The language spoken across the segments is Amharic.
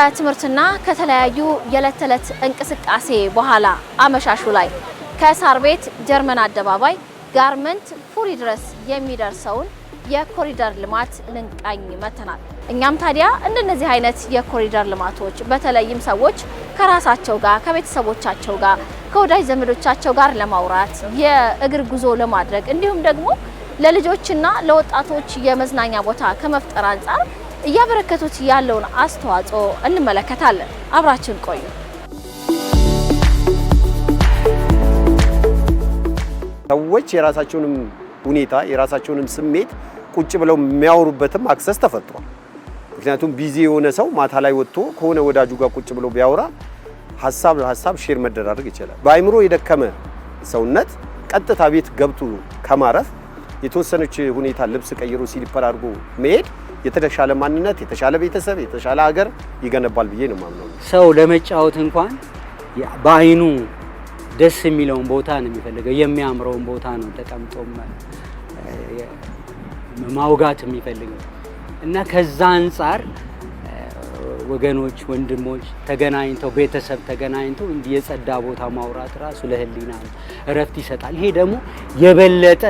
ከትምህርትና ከተለያዩ የዕለት ተዕለት እንቅስቃሴ በኋላ አመሻሹ ላይ ከሳር ቤት ጀርመን አደባባይ ጋርመንት ፉሪ ድረስ የሚደርሰውን የኮሪደር ልማት ልንቃኝ መተናል። እኛም ታዲያ እንደነዚህ አይነት የኮሪደር ልማቶች በተለይም ሰዎች ከራሳቸው ጋር ከቤተሰቦቻቸው ጋር ከወዳጅ ዘመዶቻቸው ጋር ለማውራት የእግር ጉዞ ለማድረግ እንዲሁም ደግሞ ለልጆችና ለወጣቶች የመዝናኛ ቦታ ከመፍጠር አንጻር እያበረከቱት ያለውን አስተዋጽኦ እንመለከታለን። አብራችን ቆዩ። ሰዎች የራሳቸውንም ሁኔታ የራሳቸውንም ስሜት ቁጭ ብለው የሚያወሩበትም አክሰስ ተፈጥሯል። ምክንያቱም ቢዚ የሆነ ሰው ማታ ላይ ወጥቶ ከሆነ ወዳጁ ጋር ቁጭ ብሎ ቢያወራ ሀሳብ ለሀሳብ ሼር መደራረግ ይችላል። በአይምሮ የደከመ ሰውነት ቀጥታ ቤት ገብቶ ከማረፍ የተወሰነች ሁኔታ ልብስ ቀይሮ ሲሊፐር አድርጎ መሄድ የተሻለ ማንነት፣ የተሻለ ቤተሰብ፣ የተሻለ ሀገር ይገነባል ብዬ ነው ማምነው። ሰው ለመጫወት እንኳን በአይኑ ደስ የሚለውን ቦታ ነው የሚፈልገው። የሚያምረውን ቦታ ነው ተቀምጦ ማውጋት የሚፈልገው እና ከዛ አንጻር ወገኖች፣ ወንድሞች ተገናኝተው ቤተሰብ ተገናኝተው እንዲህ የጸዳ ቦታ ማውራት ራሱ ለህሊና እረፍት ይሰጣል። ይሄ ደግሞ የበለጠ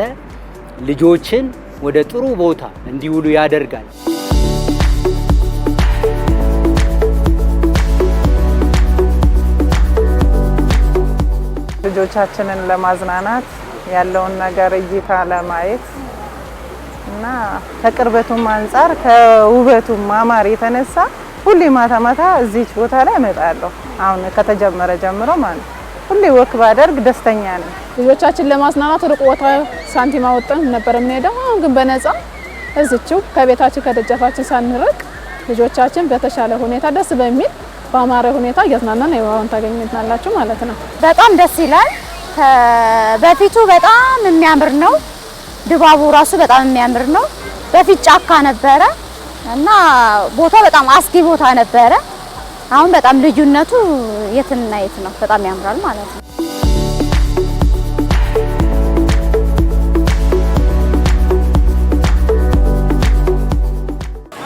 ልጆችን ወደ ጥሩ ቦታ እንዲውሉ ያደርጋል። ልጆቻችንን ለማዝናናት ያለውን ነገር እይታ ለማየት እና ከቅርበቱም አንጻር ከውበቱም ማማር የተነሳ ሁሌ ማታ ማታ እዚች ቦታ ላይ እመጣለሁ። አሁን ከተጀመረ ጀምሮ ማለት ነው። ሁሌ ወክ ባደርግ ደስተኛ ነኝ። ልጆቻችን ለማዝናናት ሩቅ ቦታ ሳንቲም አወጣን ነበር የምንሄደው። አሁን ግን በነፃ እዝችው ከቤታችን ከደጃፋችን ሳንርቅ ልጆቻችን በተሻለ ሁኔታ ደስ በሚል በአማረ ሁኔታ እያዝናናን አሁን ታገኝናላችሁ ማለት ነው። በጣም ደስ ይላል። በፊቱ በጣም የሚያምር ነው። ድባቡ ራሱ በጣም የሚያምር ነው። በፊት ጫካ ነበረ እና ቦታ በጣም አስጊ ቦታ ነበረ። አሁን በጣም ልዩነቱ የትና የት ነው? በጣም ያምራል ማለት ነው።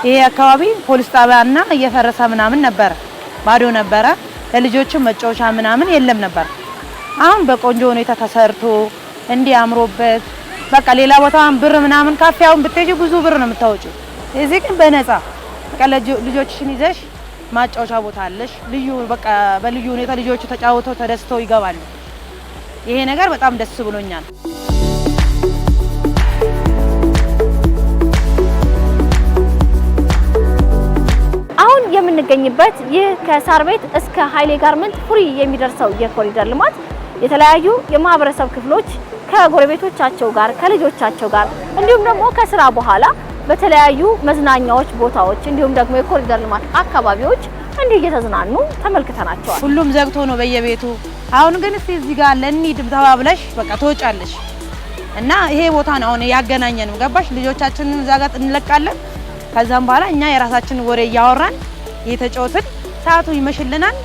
ይሄ አካባቢ ፖሊስ ጣቢያና እየፈረሰ ምናምን ነበረ፣ ባዶ ነበረ። ለልጆችም መጫወቻ ምናምን የለም ነበር። አሁን በቆንጆ ሁኔታ ተሰርቶ እንዲህ አምሮበት በቃ ሌላ ቦታን ብር ምናምን ካፌ አሁን ብትሄጂ ብዙ ብር ነው የምታወጪው። እዚህ ግን በነፃ በቃ ልጆችሽን ይዘሽ ማጫወቻ ቦታ አለሽ። ልዩ በቃ በልዩ ሁኔታ ልጆቹ ተጫውተው ተደስተው ይገባሉ። ይሄ ነገር በጣም ደስ ብሎኛል። አሁን የምንገኝበት ይህ ከሳር ቤት እስከ ኃይሌ ጋርመንት ፍሪ የሚደርሰው የኮሪደር ልማት የተለያዩ የማህበረሰብ ክፍሎች ከጎረቤቶቻቸው ጋር ከልጆቻቸው ጋር እንዲሁም ደግሞ ከስራ በኋላ በተለያዩ መዝናኛዎች ቦታዎች እንዲሁም ደግሞ የኮሪደር ልማት አካባቢዎች እንዲህ እየተዝናኑ ተመልክተናቸዋል። ሁሉም ዘግቶ ነው በየቤቱ። አሁን ግን እስቲ እዚህ ጋር ለኒድ ተባብለሽ በቃ ትወጫለሽ እና ይሄ ቦታ ነው አሁን ያገናኘንም። ገባሽ? ልጆቻችንን እዛ ጋር እንለቃለን። ከዛም በኋላ እኛ የራሳችንን ወሬ እያወራን እየተጫወትን ሰዓቱ ይመሽልናል።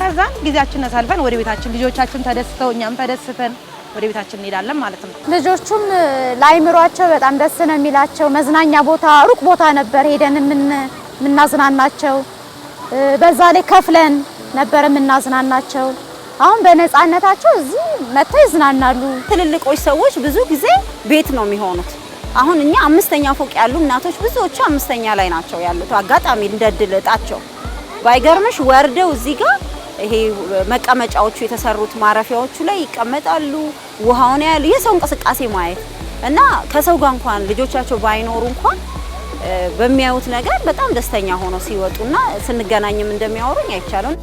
ከዛም ጊዜያችን አሳልፈን ወደ ቤታችን ልጆቻችን ተደስተው እኛም ተደስተን ወደ ቤታችን እንሄዳለን ማለት ነው። ልጆቹም ለአይምሯቸው በጣም ደስ ነው የሚላቸው። መዝናኛ ቦታ ሩቅ ቦታ ነበር ሄደን የምናዝናናቸው። በዛ ላይ ከፍለን ነበር የምናዝናናቸው። አሁን በነፃነታቸው እዚህ መጥተው ይዝናናሉ። ትልልቆች ሰዎች ብዙ ጊዜ ቤት ነው የሚሆኑት። አሁን እኛ አምስተኛ ፎቅ ያሉ እናቶች ብዙዎቹ አምስተኛ ላይ ናቸው ያሉት። አጋጣሚ እንደድል እጣቸው ባይገርምሽ ወርደው እዚህ ጋር ይሄ መቀመጫዎቹ የተሰሩት ማረፊያዎቹ ላይ ይቀመጣሉ። ውሃውን ያሉ የሰው እንቅስቃሴ ማየት እና ከሰው ጋር እንኳን ልጆቻቸው ባይኖሩ እንኳን በሚያዩት ነገር በጣም ደስተኛ ሆኖ ሲወጡና ስንገናኝም እንደሚያወሩኝ አይቻልም።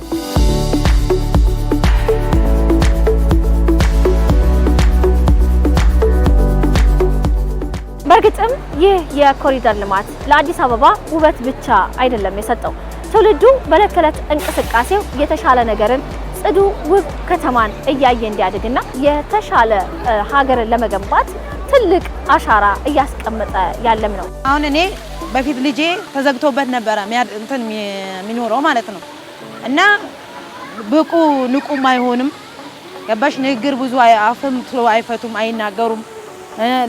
በእርግጥም ይህ የኮሪደር ልማት ለአዲስ አበባ ውበት ብቻ አይደለም የሰጠው ትውልዱ በዕለት ተዕለት እንቅስቃሴው የተሻለ ነገርን፣ ጽዱ ውብ ከተማን እያየ እንዲያድግና የተሻለ ሀገርን ለመገንባት ትልቅ አሻራ እያስቀመጠ ያለም ነው። አሁን እኔ በፊት ልጄ ተዘግቶበት ነበረ እንትን የሚኖረው ማለት ነው እና ብቁ ንቁም አይሆንም ገባሽ። ንግግር ብዙ አፍም አይፈቱም፣ አይናገሩም።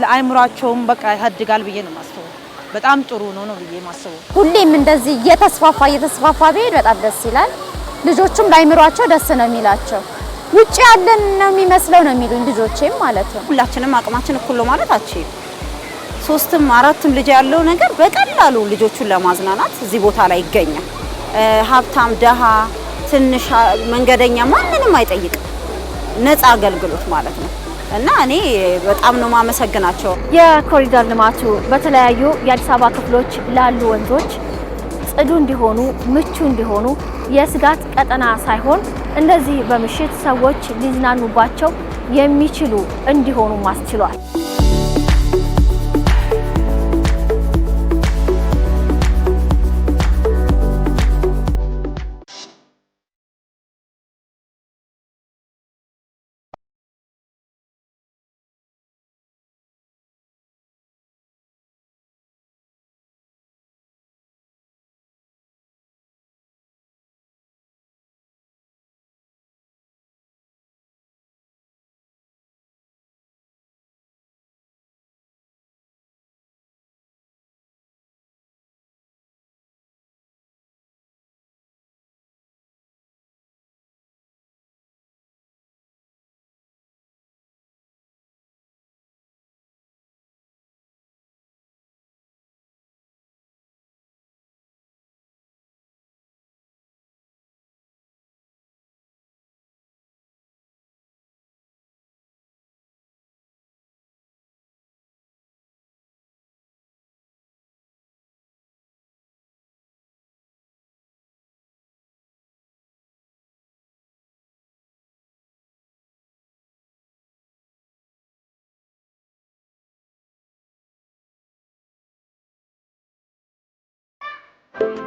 ለአይምሯቸውም በቃ ያድጋል ብዬ ነው የማስበው። በጣም ጥሩ ነው ነው ብዬ ማስበው። ሁሌም እንደዚህ እየተስፋፋ እየተስፋፋ ቢሄድ በጣም ደስ ይላል። ልጆቹም ላይምሯቸው ደስ ነው የሚላቸው ውጭ ያለን ነው የሚመስለው ነው የሚሉኝ ልጆቼም ማለት ነው። ሁላችንም አቅማችን እኩል ነው ማለት አችል ሶስትም አራትም ልጅ ያለው ነገር በቀላሉ ልጆቹን ለማዝናናት እዚህ ቦታ ላይ ይገኛል። ሀብታም፣ ደሃ፣ ትንሽ መንገደኛ ማንንም አይጠይቅም። ነፃ አገልግሎት ማለት ነው። እና እኔ በጣም ነው ማመሰግናቸው። የኮሪደር ልማቱ በተለያዩ የአዲስ አበባ ክፍሎች ላሉ ወንዞች ጽዱ እንዲሆኑ፣ ምቹ እንዲሆኑ የስጋት ቀጠና ሳይሆን እንደዚህ በምሽት ሰዎች ሊዝናኑባቸው የሚችሉ እንዲሆኑ ማስችሏል።